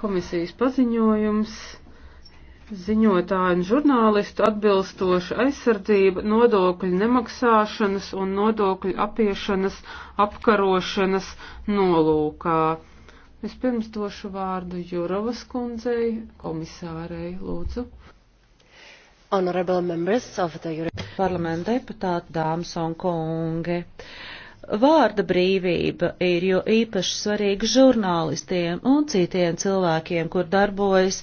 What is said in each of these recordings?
komisijas paziņojums ziņotāju un žurnālistu atbilstoša aizsardzība nodokļu nemaksāšanas un nodokļu apiešanas apkarošanas nolūkā. Vispirms došu vārdu Jurovas kundzei, komisārei, lūdzu. Honorable members of the European Parliament deputāti, dāmas un kungi. Uh, Vārda brīvība ir jo īpaši svarīga žurnālistiem un citiem cilvēkiem, kur darbojas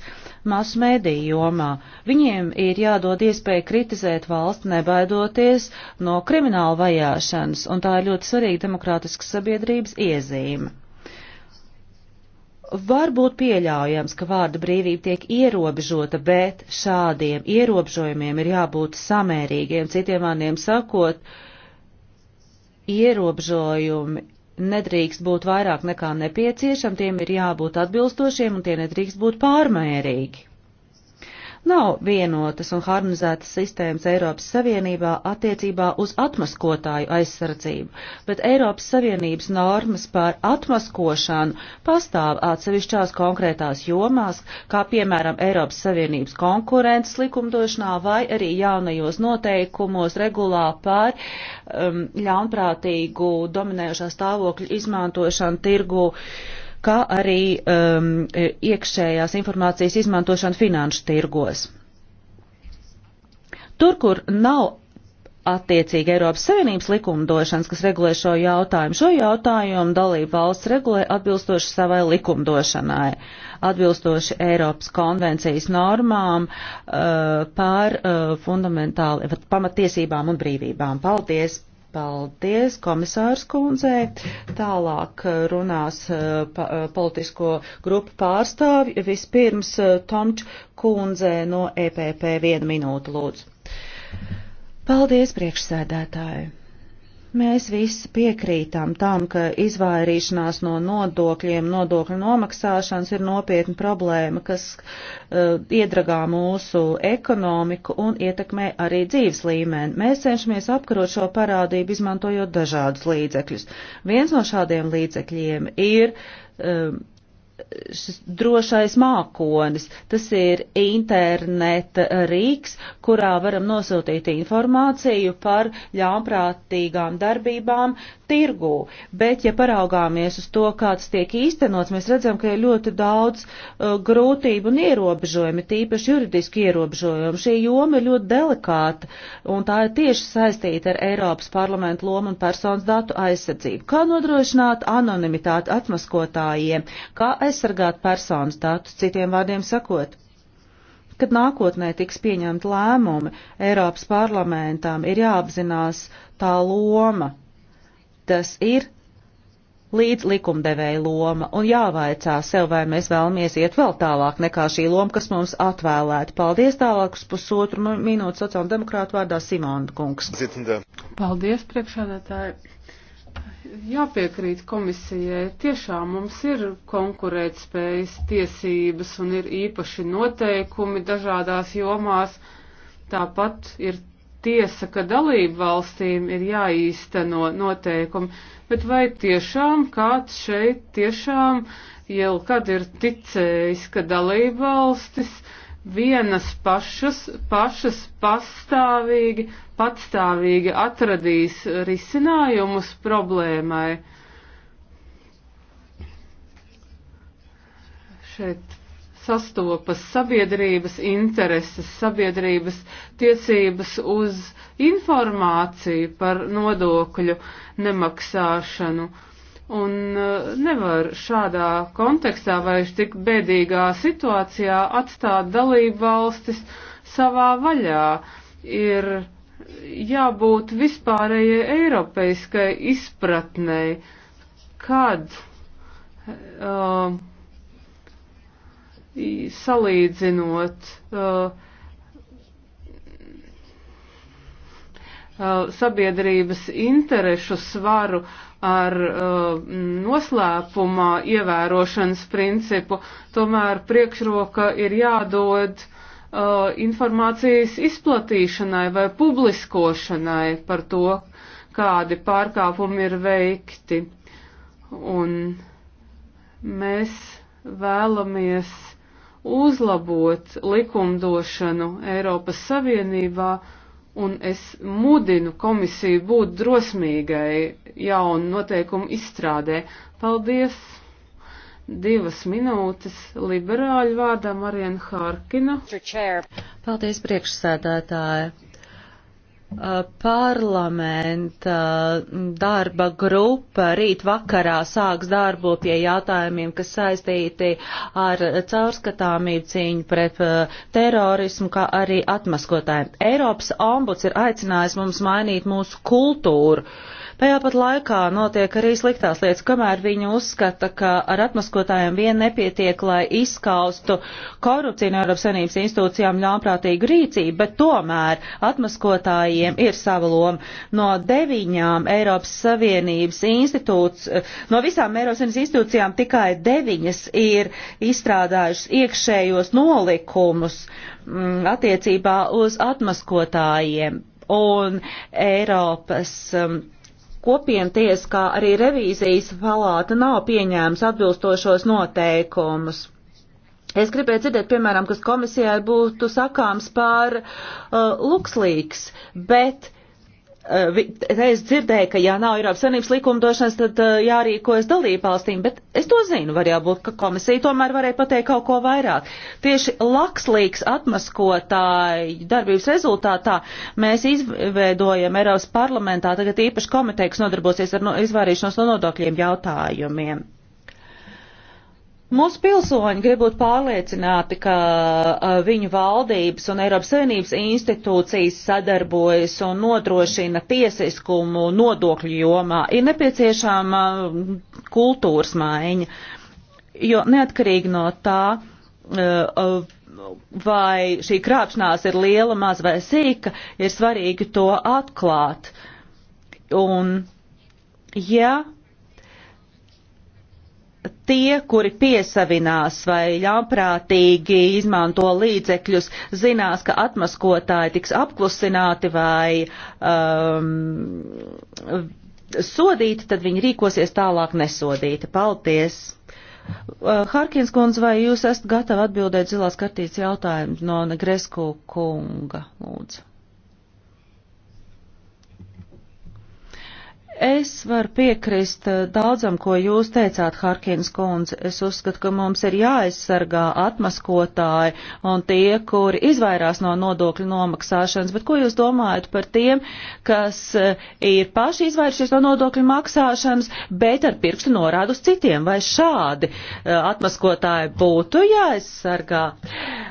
masu mediju jomā. Viņiem ir jādod iespēja kritizēt valsts nebaidoties no krimināla vajāšanas, un tā ir ļoti svarīga demokrātiskas sabiedrības iezīme. Var būt pieļaujams, ka vārda brīvība tiek ierobežota, bet šādiem ierobežojumiem ir jābūt samērīgiem, citiem vārdiem sakot, uh, ierobežojumi nedrīkst būt vairāk nekā nepieciešam, tiem ir jābūt atbilstošiem un tie nedrīkst būt pārmērīgi. Nav vienotas un harmonizētas sistēmas Eiropas Savienībā attiecībā uz atmaskotāju aizsardzību, bet Eiropas Savienības normas par atmaskošanu pastāv atsevišķās konkrētās jomās, kā piemēram Eiropas Savienības konkurences likumdošanā vai arī jaunajos noteikumos regulā par um, ļaunprātīgu dominējošā stāvokļa izmantošanu tirgu. Uh, kā arī um, iekšējās informācijas izmantošanu finanšu tirgos. Tur, kur nav attiecīgi Eiropas Savienības likumdošanas, kas regulē šo jautājumu. Šo jautājumu dalību valsts regulē atbilstoši savai likumdošanai, atbilstoši Eiropas konvencijas normām uh, par uh, fundamentāli pamatiesībām un brīvībām. Paldies! Paldies komisārs kundzei. Tālāk runās eh, pa, eh, politisko grupu pārstāvi. Vispirms eh, Tomč kundze no EPP vienu minūtu lūdzu. Paldies priekšsēdētāju. Mēs visi piekrītam tam, ka izvairīšanās no nodokļiem, nodokļu nomaksāšanas ir nopietna problēma, kas uh, iedragā mūsu ekonomiku un ietekmē arī dzīves līmeni. Mēs cenšamies apkarot šo parādību, izmantojot dažādus līdzekļus. Viens no šādiem līdzekļiem ir uh, šis drošais mākonis. Tas ir interneta rīks, kurā varam nosūtīt informāciju par ļaunprātīgām darbībām tirgū. Bet, ja paraugāmies uz to, kāds tiek īstenots, mēs redzam, ka ir ļoti daudz uh, grūtību un ierobežojumi, tīpaši juridiski ierobežojumi. Šī joma ir ļoti delikāta, un tā ir tieši saistīta ar Eiropas parlamentu lomu un personas datu aizsardzību. Kā nodrošināt anonimitāti atmaskotājiem? Kā aizsargāt personas datus, citiem vārdiem sakot. Kad nākotnē tiks pieņemti lēmumi, Eiropas parlamentām ir jāapzinās tā loma. Tas ir līdz likumdevēja loma un jāvaicā sev, vai mēs vēlamies iet vēl tālāk nekā šī loma, kas mums atvēlēta. Paldies tālāk uz pusotru minūtu sociāldemokrātu vārdā Simonda kungs. Paldies, priekšādātāji jāpiekrīt komisijai. Tiešām mums ir konkurētspējas tiesības un ir īpaši noteikumi dažādās jomās. Tāpat ir tiesa, ka dalību valstīm ir jāīsteno noteikumi, bet vai tiešām kāds šeit tiešām jau kad ir ticējis, ka dalību valstis vienas pašas, pašas pastāvīgi, patstāvīgi atradīs risinājumus problēmai. Šeit sastopas sabiedrības intereses, sabiedrības tiecības uz informāciju par nodokļu nemaksāšanu. Uh, Un eh, nevar šādā kontekstā vai tik bēdīgā situācijā atstāt dalību valstis savā vaļā. Ir jābūt vispārējai eiropeiskai izpratnei, kad uh, salīdzinot uh, sabiedrības interešu svaru, ar uh, noslēpuma ievērošanas principu, tomēr priekšroka ir jādod uh, informācijas izplatīšanai vai publiskošanai par to, kādi pārkāpumi ir veikti. Un mēs vēlamies uzlabot likumdošanu Eiropas Savienībā, uh, un es mudinu komisiju būt drosmīgai jaunu noteikumu izstrādē. Paldies! Divas minūtes liberāļu vārdā Mariena Hārkina. Paldies priekšsēdētāji! Uh, parlamenta darba grupa rīt vakarā sāks darbu pie jautājumiem, kas saistīti ar caurskatāmību cīņu pret uh, terorismu, kā arī atmaskotājiem. Eiropas ombuds ir aicinājis mums mainīt mūsu kultūru. Uh, Tajā pat laikā notiek arī sliktās lietas, kamēr viņi uzskata, ka ar atmaskotājiem vien nepietiek, lai izskaustu korupciju no Eiropas Savienības institūcijām ļaunprātīgu rīcību, bet tomēr atmaskotājiem ir sava loma. No deviņām Eiropas Savienības institūts, no visām Eiropas Savienības institūcijām tikai deviņas ir izstrādājušas iekšējos nolikumus mm, attiecībā uz atmaskotājiem un Eiropas um, kopienties, kā arī revīzijas palāta nav pieņēmis atbilstošos noteikumus. Es gribēju dzirdēt, piemēram, kas komisijai būtu sakāms par uh, lukslīgs, bet Eh, es dzirdēju, ka ja nav Eiropas Savienības likumdošanas, tad eh, jārīkojas dalībvalstīm, bet es to zinu, var jābūt, ka komisija tomēr varēja pateikt kaut ko vairāk. Tieši lakslīgs atmaskotāju darbības rezultātā mēs izveidojam Eiropas parlamentā tagad īpaši komiteju, kas nodarbosies ar no, izvairīšanos no nodokļiem jautājumiem. Mūsu pilsoņi grib būt pārliecināti, ka viņu valdības un Eiropas Savienības institūcijas sadarbojas un nodrošina tiesiskumu nodokļu jomā. Ir nepieciešama kultūras maiņa, jo neatkarīgi no tā, vai šī krāpšanās ir liela, maz vai sīka, ir svarīgi to atklāt. Un, ja tie, kuri piesavinās vai ļaunprātīgi izmanto līdzekļus, zinās, ka atmaskotāji tiks apklusināti vai um, sodīti, tad viņi rīkosies tālāk nesodīti. Paldies! Uh, Harkins kundze, vai jūs esat gatavi atbildēt zilās kartītes jautājumu no Negresku kunga? Lūdzu. Es varu piekrist eh, daudzam, ko jūs teicāt, Harkins kundze. Es uzskatu, ka mums ir jāaizsargā atmaskotāji un tie, kuri izvairās no nodokļu nomaksāšanas. Bet ko jūs domājat par tiem, kas eh, ir paši izvairušies no nodokļu maksāšanas, bet ar pirkstu norādu uz citiem? Vai šādi eh, atmaskotāji būtu jāaizsargā? Uh,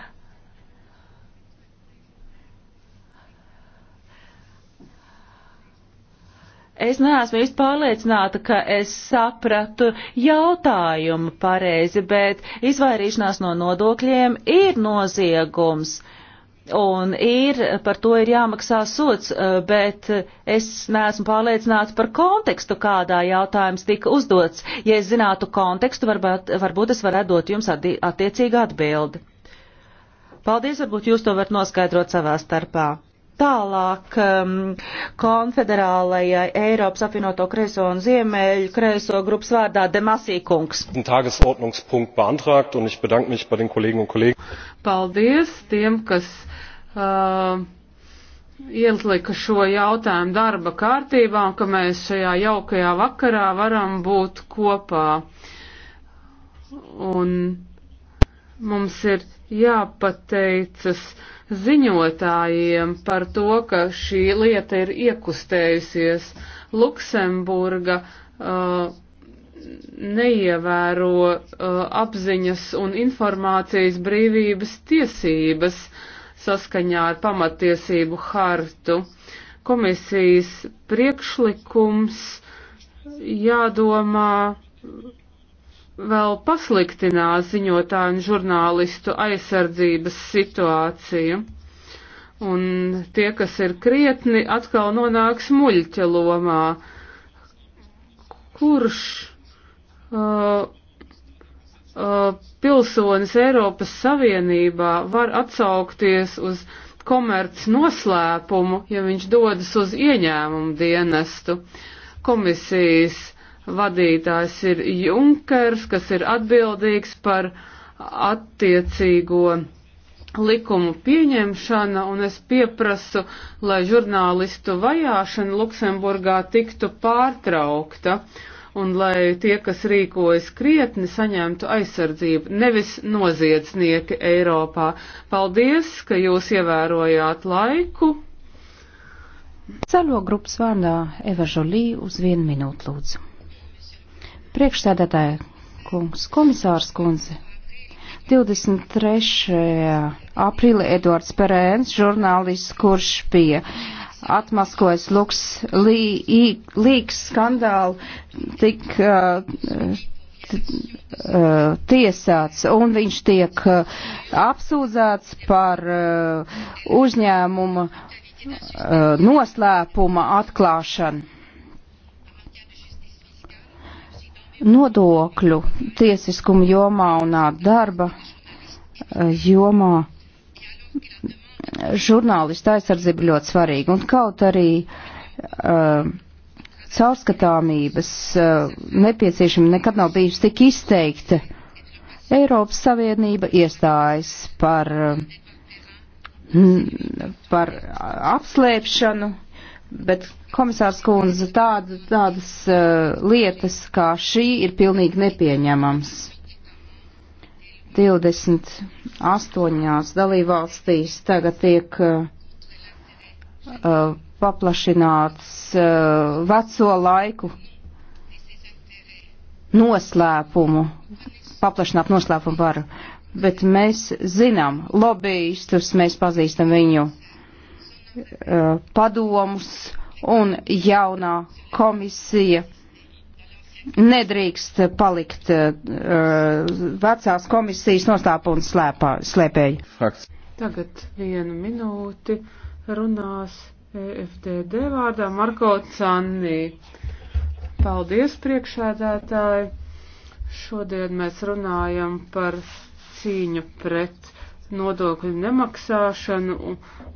Es neesmu īsti pārliecināta, ka es sapratu jautājumu pareizi, bet izvairīšanās no nodokļiem ir noziegums. Un ir, par to ir jāmaksā sots, eh, bet es neesmu pārliecināta par kontekstu, kādā jautājums tika uzdots. Ja es zinātu kontekstu, varbūt, varbūt es varētu dot jums attiecīgu atbildi. Paldies, varbūt jūs to varat noskaidrot savā starpā tālāk um, konfederālajai Eiropas apvienoto kreiso un ziemeļu kreiso grupas vārdā Demasīkungs. Tagesordnungspunkt beantragt un ich bedanke mich bei den Kollegen un Kollegen. Paldies tiem, kas uh, ielika šo jautājumu darba kārtībā un ka mēs šajā jaukajā vakarā varam būt kopā. Un mums ir jāpateicas ziņotājiem par to, ka šī lieta ir iekustējusies. Luksemburga uh, neievēro uh, apziņas un informācijas brīvības tiesības saskaņā ar pamatiesību hartu. Komisijas priekšlikums jādomā vēl pasliktinās ziņotāju un žurnālistu aizsardzības situāciju. Un tie, kas ir krietni, atkal nonāks muļķa lomā. Kurš uh, uh, pilsonis Eiropas Savienībā var atsaukties uz komerc noslēpumu, ja viņš dodas uz ieņēmumu dienestu komisijas vadītājs ir Junkers, kas ir atbildīgs par attiecīgo likumu pieņemšana, un es pieprasu, lai žurnālistu vajāšana Luksemburgā tiktu pārtraukta, un lai tie, kas rīkojas krietni, saņemtu aizsardzību, nevis noziedznieki Eiropā. Paldies, ka jūs ievērojāt laiku. Zaļo grupas vārdā Eva Žolī uz vienu minūtu lūdzu. Priekšsēdētāja kungs, komisārs kundze. 23. aprīlī Edvards Perēns, žurnālists, kurš bija atmaskojis Luks lī, Līks skandālu, tik uh, t, uh, tiesāts un viņš tiek uh, apsūdzēts par uh, uzņēmuma uh, noslēpuma atklāšanu. nodokļu tiesiskumu jomā un darba jomā žurnālista aizsardzība ļoti svarīga. Un kaut arī uh, caurskatāmības uh, nepieciešama nekad nav bijusi tik izteikta, Eiropas Savienība iestājas par, uh, par apslēpšanu Bet, komisārs Kunze, tāda, tādas uh, lietas kā šī ir pilnīgi nepieņemams. 28 dalībvalstīs tagad tiek uh, uh, paplašināts uh, veco laiku noslēpumu, paplašināt noslēpumu varu. Bet mēs zinām lobbyistus, mēs pazīstam viņu Uh, padomus un jaunā komisija nedrīkst palikt uh, vecās komisijas nostāpu un slēpā, slēpēji. Fakts. Tagad vienu minūti runās e FDD vārdā Marko Cannī. Paldies priekšēdētāji. Šodien mēs runājam par cīņu pret nodokļu nemaksāšanu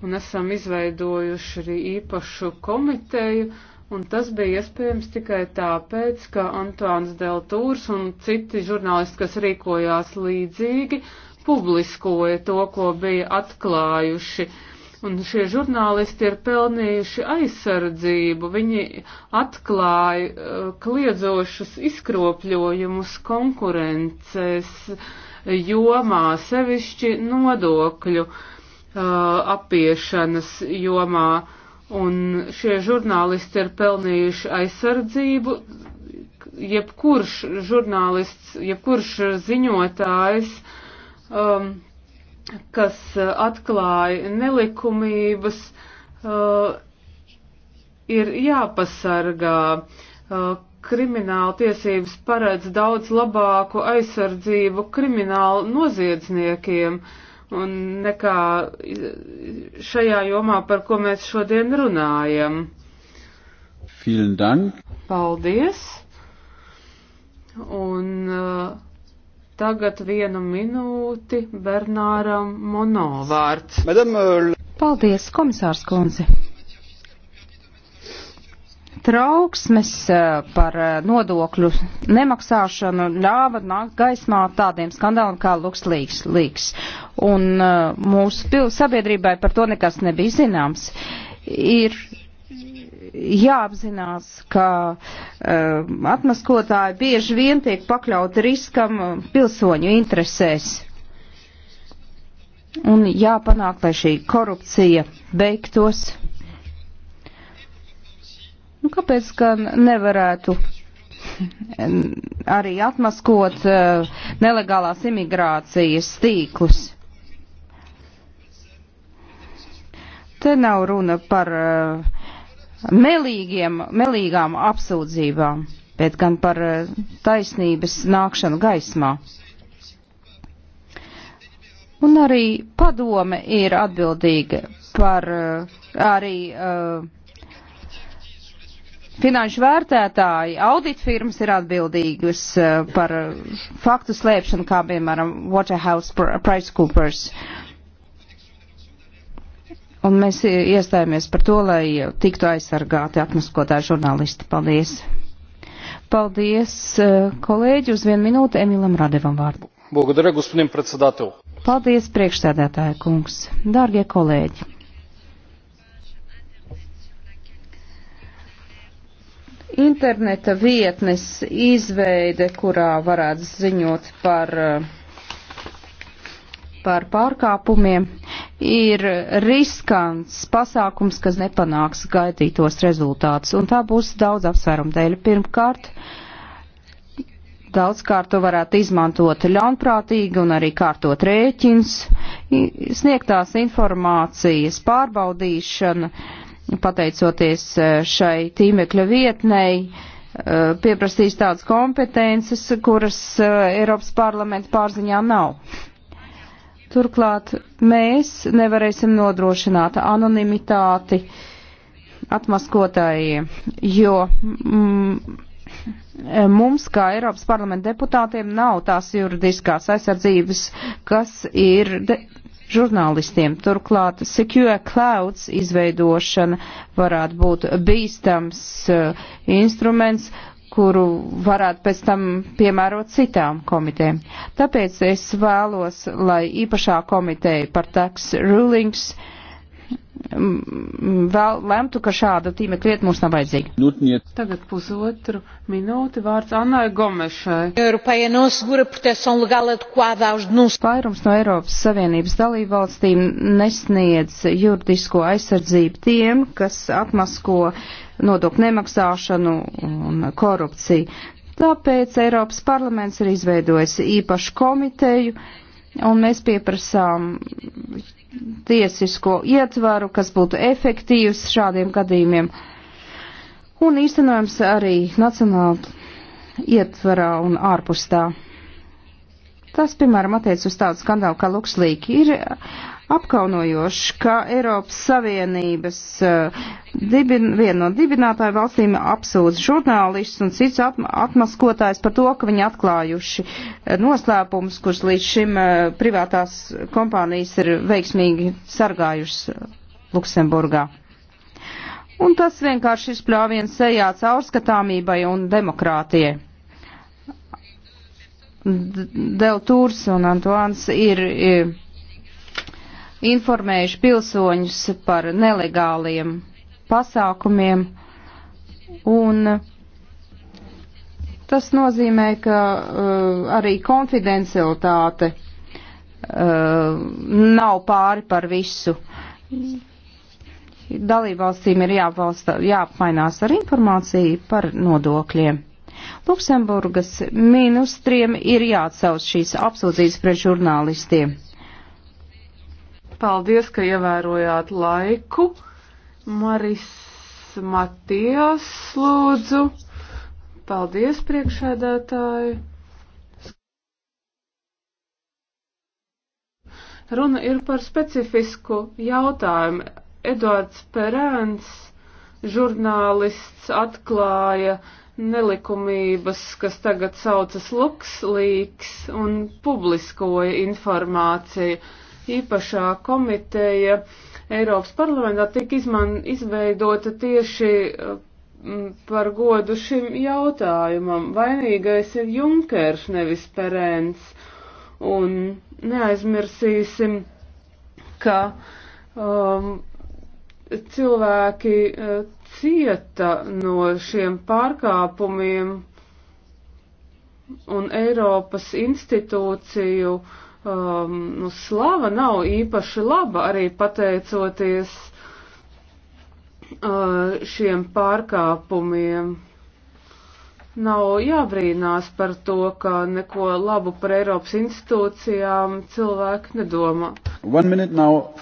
un esam izveidojuši arī īpašu komiteju. Un tas bija iespējams tikai tāpēc, ka Antoāns Deltūrs un citi žurnālisti, kas rīkojās līdzīgi, publiskoja to, ko bija atklājuši. Un šie žurnālisti ir pelnījuši aizsardzību. Viņi atklāja uh, kliedzošus izkropļojumus konkurences. Uh, jomā, sevišķi nodokļu uh, apiešanas jomā. Un šie žurnālisti ir pelnījuši aizsardzību. Jebkurš žurnālists, jebkurš ziņotājs, um, kas atklāja nelikumības, uh, ir jāpasargā. Uh, krimināla tiesības paredz daudz labāku aizsardzību krimināla noziedzniekiem un nekā šajā jomā, par ko mēs šodien runājam. Vielen Dank. Paldies. Un uh, tagad vienu minūti Bernāram Monovārds. Madame... Uh, Paldies, komisārs Konzi trauksmes eh, par eh, nodokļu nemaksāšanu ļāva nākt gaismā tādiem skandāliem kā LuxLeaks. Leaks. Un eh, mūsu sabiedrībai par to nekas nebija zināms. Ir jāapzinās, ka uh, atmaskotāji bieži vien tiek pakļauti riskam pilsoņu interesēs. Un jāpanāk, lai šī korupcija beigtos Nu, kāpēc gan nevarētu eh, arī atmaskot uh, nelegālās imigrācijas tīklus? Te nav runa par uh, melīgiem, melīgām apsūdzībām, bet gan par uh, taisnības nākšanu gaismā. Un arī padome ir atbildīga par uh, arī uh, Finanšu vērtētāji, auditfirmas ir atbildīgas eh, par eh, faktu slēpšanu, kā piemēram Waterhouse Price Coopers. Un mēs eh, iestājāmies par to, lai tiktu aizsargāti atmaskotā žurnālisti. Paldies! Paldies, kolēģi, uz vienu minūti Emilam Radevam vārdu. Благодаря, господин председател. Paldies, priekšsēdētāja kungs. Dārgie kolēģi! interneta vietnes izveide, kurā varētu ziņot par, eh, par pārkāpumiem, ir riskants pasākums, kas nepanāks gaidītos rezultātus. Un tā būs daudz apsvērumu dēļ. Pirmkārt, daudzkārt to varētu izmantot ļaunprātīgi un arī kārtot rēķins, sniegtās informācijas pārbaudīšana pateicoties e, šai tīmekļa vietnei, e, pieprasīs tādas kompetences, kuras e, Eiropas parlamenta pārziņā nav. Turklāt mēs nevarēsim nodrošināt anonimitāti atmaskotājiem, jo mm, mums, kā Eiropas parlamenta deputātiem, nav tās juridiskās aizsardzības, kas ir de žurnālistiem. Turklāt Secure Clouds izveidošana varētu būt bīstams uh, instruments, kuru varētu pēc tam piemērot citām komitēm. Tāpēc es vēlos, lai īpašā komiteja par tax rulings uh, Mm, vēl lemtu, ka šāda tīmekļa lieta mums nav vajadzīga. Tagad pusotru minūti vārds Annai Gomešai. Vairums no Eiropas Savienības dalībvalstīm nesniedz juridisko aizsardzību tiem, kas atmasko nodokļu nemaksāšanu un korupciju. Tāpēc Eiropas parlaments ir izveidojis īpašu komiteju, un mēs pieprasām tiesisko ietvaru, kas būtu efektīvs šādiem gadījumiem un īstenojams arī nacionāli ietvarā un ārpus tā. Tas, piemēram, attiec uz tādu skandālu kā Luxlīk. Ir apkaunojoši, ka Eiropas Savienības uh, dibin, viena no dibinātāju valstīm apsūdz žurnālistus un cits atm atmaskotājs par to, ka viņi atklājuši eh, noslēpumus, kurus līdz šim uh, privātās kompānijas ir veiksmīgi sargājušas Luksemburgā. Un tas vienkārši izpļāviens sejā caurskatāmībai un demokrātijai. Deltūrs un Antoāns ir, ir informējuši pilsoņus par nelegāliem pasākumiem, un tas nozīmē, ka uh, arī konfidencialitāte uh, nav pāri par visu. Dalībvalstīm ir jāapvalsta, jāapmainās ar informāciju par nodokļiem. Luksemburgas ministriem ir jāatsauc šīs apsūdzības pret žurnālistiem. Paldies, ka ievērojāt laiku. Maris Matijas, lūdzu. Paldies, priekšēdētāji. Runa ir par specifisku jautājumu. Eduards Perēns, žurnālists, atklāja nelikumības, kas tagad saucas LuxLeaks, un publiskoja informāciju īpašā komiteja Eiropas parlamentā tika izman, izveidota tieši eh, par godu šim jautājumam. Vainīgais ir Junkers, nevis Perēns. Un neaizmirsīsim, ka um, cilvēki uh, cieta no šiem pārkāpumiem un Eiropas institūciju uh, um, slava nav īpaši laba arī pateicoties uh, šiem pārkāpumiem. Nav jābrīnās par to, ka neko labu par Eiropas institūcijām cilvēki nedomā.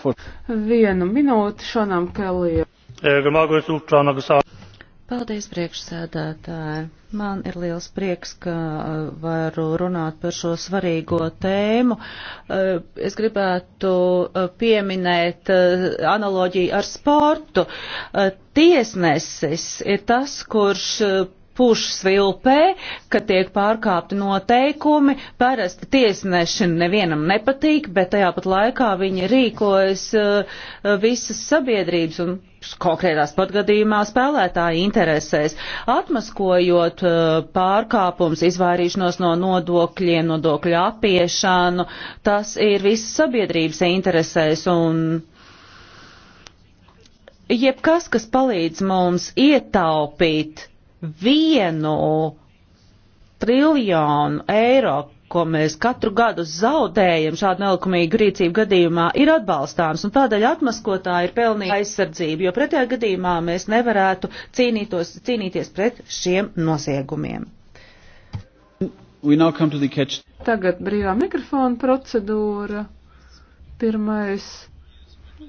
For... Vienu minūti Šanam Kelijam. Eh, Paldies, priekšsēdētāji. Man ir liels prieks, ka uh, varu runāt par šo svarīgo tēmu. Uh, es gribētu uh, pieminēt analoģiju ar sportu. Tiesnesis ir tas, kurš puš svilpē, ka tiek pārkāpti noteikumi. Parasti tiesneši nevienam nepatīk, bet tajā pat laikā viņi rīkojas visas sabiedrības un konkrētā sporta gadījumā spēlētāja interesēs, atmaskojot eh, pārkāpums, izvairīšanos no nodokļiem, nodokļu apiešanu, tas ir viss sabiedrības interesēs un jebkas, kas palīdz mums ietaupīt vienu triljonu eiro ko mēs katru gadu zaudējam šādu nelikumīgu rīcību gadījumā, ir atbalstāms, un tādēļ atmaskotā ir pelnīta aizsardzība, jo pretējā gadījumā mēs nevarētu cīnītos, cīnīties pret šiem nosiegumiem. Tagad brīvā mikrofona procedūra. Pirmais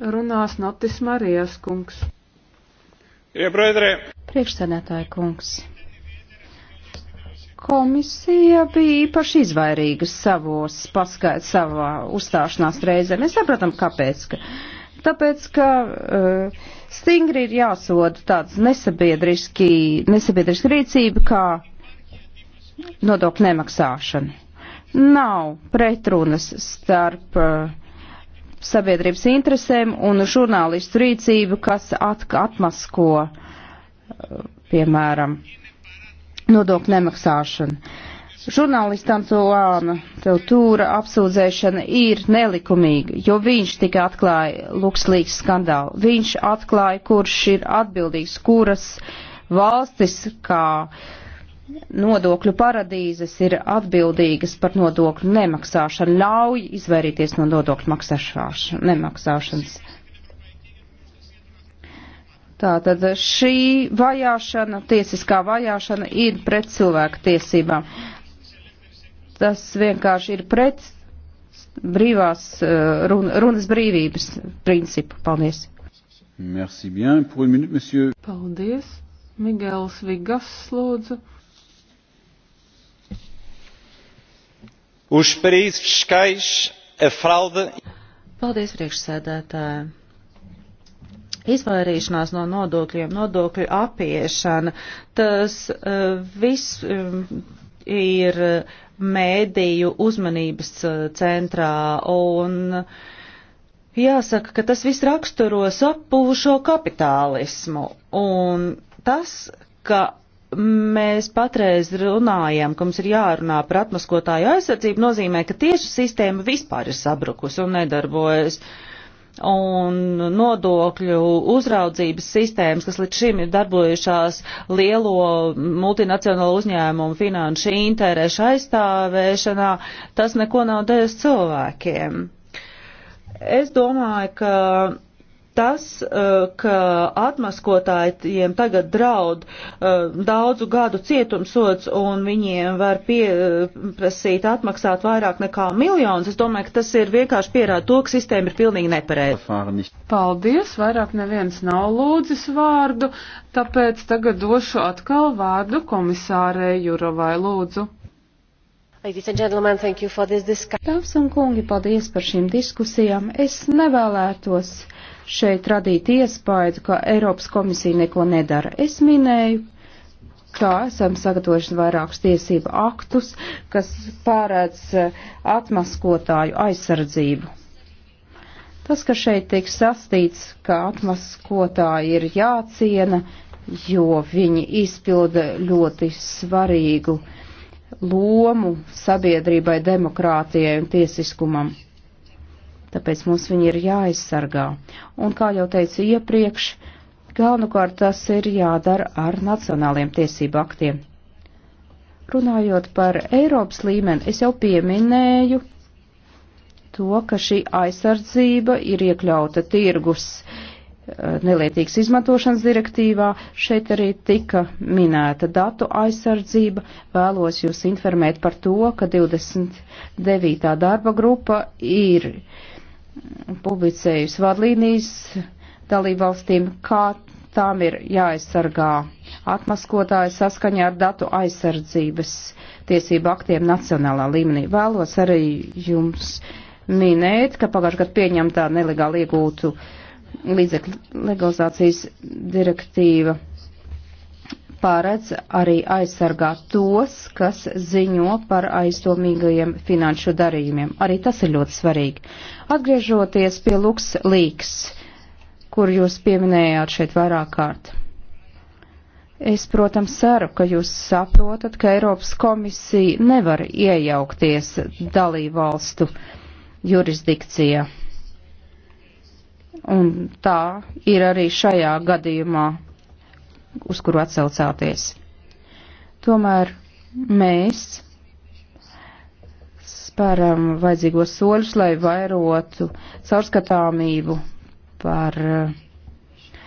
runās Notis Marijas kungs. Ja, Priekšsēdētāja kungs. Komisija bija īpaši izvairīga savos paskait, savā uzstāšanās reizē. Mēs saprotam, kāpēc. Ka, tāpēc, ka uh, stingri ir jāsoda tāds nesabiedriski, nesabiedriski rīcība, kā nodokļu nemaksāšana. Nav pretrunas starp uh, sabiedrības interesēm un žurnālistu rīcību, kas at, atmasko, uh, piemēram, nodokļu nemaksāšanu. Žurnālisti Antoāna Teltūra apsūdzēšana ir nelikumīga, jo viņš tikai atklāja lukslīgs skandālu. Viņš atklāja, kurš ir atbildīgs, kuras valstis kā nodokļu paradīzes ir atbildīgas par nodokļu nemaksāšanu, ļauj izvairīties no nodokļu maksāšanas. Tātad šī vajāšana, tiesiskā vajāšana ir pret cilvēku tiesībām. Tas vienkārši ir pret brīvās eh, run, runas brīvības principu. Paldies. Merci bien. Pour une minute, monsieur. Paldies. Migēls Vigas lūdzu. Uz pareizes skais, a frauda. Paldies, priekšsēdētāji izvairīšanās no nodokļiem, nodokļu apiešana, tas uh, viss um, ir mēdīju uzmanības e, centrā un jāsaka, ka tas viss raksturo sapūšo kapitālismu un tas, ka mēs patreiz runājam, ka mums ir jārunā par atmaskotāju aizsardzību, nozīmē, ka tieši sistēma vispār ir sabrukus un nedarbojas. Uh, un nodokļu uzraudzības sistēmas, kas līdz šim ir darbojušās lielo multinacionālu uzņēmumu finanšu interešu aizstāvēšanā, tas neko nav devis cilvēkiem. Es domāju, ka tas, eh, ka atmaskotājiem tagad draud eh, daudzu gadu cietumsots un viņiem var pieprasīt eh, atmaksāt vairāk nekā miljonus, es domāju, ka tas ir vienkārši pierāda to, ka sistēma ir pilnīgi nepareiza. Paldies, vairāk neviens nav lūdzis vārdu, tāpēc tagad došu atkal vārdu komisārei Jurovai lūdzu. Dāmas un kungi, paldies par šīm diskusijām. Es nevēlētos šeit radīt iespēju, ka Eiropas komisija neko nedara. Es minēju, ka esam sagatavojuši vairākus tiesību aktus, kas pārēdz eh, atmaskotāju aizsardzību. Tas, ka šeit tiek sastīts, ka atmaskotāji ir jāciena, jo viņi izpilda ļoti svarīgu lomu sabiedrībai, demokrātijai un tiesiskumam tāpēc mums viņi ir jāaizsargā. Un, kā jau teicu iepriekš, galvenokārt tas ir jādara ar nacionāliem tiesību aktiem. Runājot par Eiropas līmeni, es jau pieminēju to, ka šī aizsardzība ir iekļauta tirgus eh, nelietīgas izmantošanas direktīvā. Šeit arī tika minēta datu aizsardzība. Vēlos jūs informēt par to, ka 29. darba grupa ir publicējusi vadlīnijas dalībvalstīm, kā tām ir jāaizsargā atmaskotāji saskaņā ar datu aizsardzības tiesību aktiem nacionālā līmenī. Vēlos arī jums minēt, ka pagājušajā gadā pieņemtā nelegāli iegūtu līdzekļu legalizācijas direktīva paredz arī aizsargāt tos, kas ziņo par aizdomīgajiem finanšu darījumiem. Arī tas ir ļoti svarīgi. Atgriežoties pie Luks Līks, kur jūs pieminējāt šeit vairāk kārt. Es, protams, ceru, ka jūs saprotat, ka Eiropas komisija nevar iejaukties dalību valstu jurisdikcijā. Un tā ir arī šajā gadījumā uz kuru atsaucāties. Tomēr mēs spēram vajadzīgos soļus, lai vairotu caurskatāmību par eh,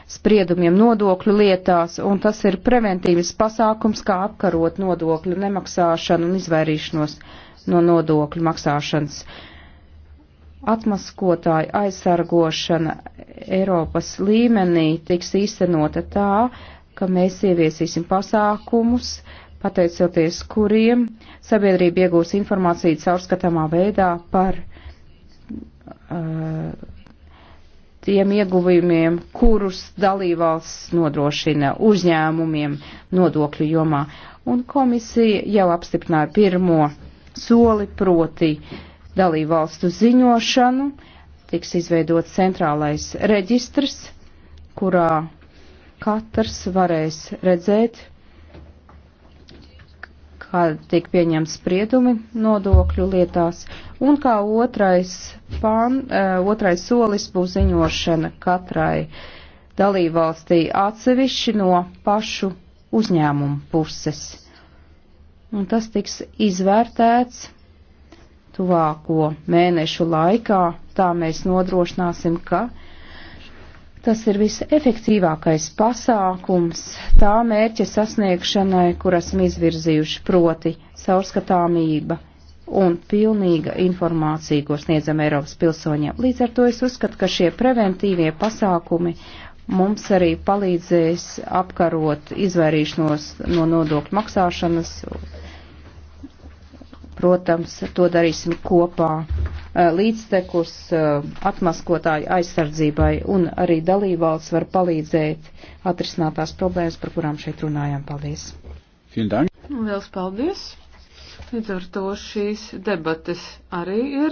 spriedumiem nodokļu lietās, un tas ir preventīvs pasākums, kā apkarot nodokļu nemaksāšanu un izvairīšanos no nodokļu maksāšanas. Atmaskotāja aizsargošana Eiropas līmenī tiks īstenota tā, ka mēs ieviesīsim pasākumus, pateicoties kuriem sabiedrība iegūs informāciju caurskatāmā veidā par uh, tiem ieguvumiem, kurus dalībvalsts nodrošina uzņēmumiem nodokļu jomā. Un komisija jau apstiprināja pirmo soli proti dalībvalstu ziņošanu, tiks izveidots centrālais reģistrs, kurā katrs varēs redzēt, kā tiek pieņemts spriedumi nodokļu lietās, un kā otrais, pan, eh, otrais solis būs ziņošana katrai dalībvalstī atsevišķi no pašu uzņēmumu puses. Un tas tiks izvērtēts tuvāko mēnešu laikā, tā mēs nodrošināsim, ka Tas ir visefektīvākais pasākums tā mērķa sasniegšanai, kur esam izvirzījuši proti caurskatāmība un pilnīga informācija, ko sniedzam Eiropas pilsoņiem. Līdz ar to es uzskatu, ka šie preventīvie pasākumi mums arī palīdzēs apkarot izvairīšanos no nodokļu maksāšanas. Protams, to darīsim kopā Eh, līdztekus eh, atmaskotāju aizsardzībai un arī dalībvalsts var palīdzēt atrisināt tās problēmas, par kurām šeit runājām. Paldies! Lielas paldies! Līdz ar to šīs debates arī ir.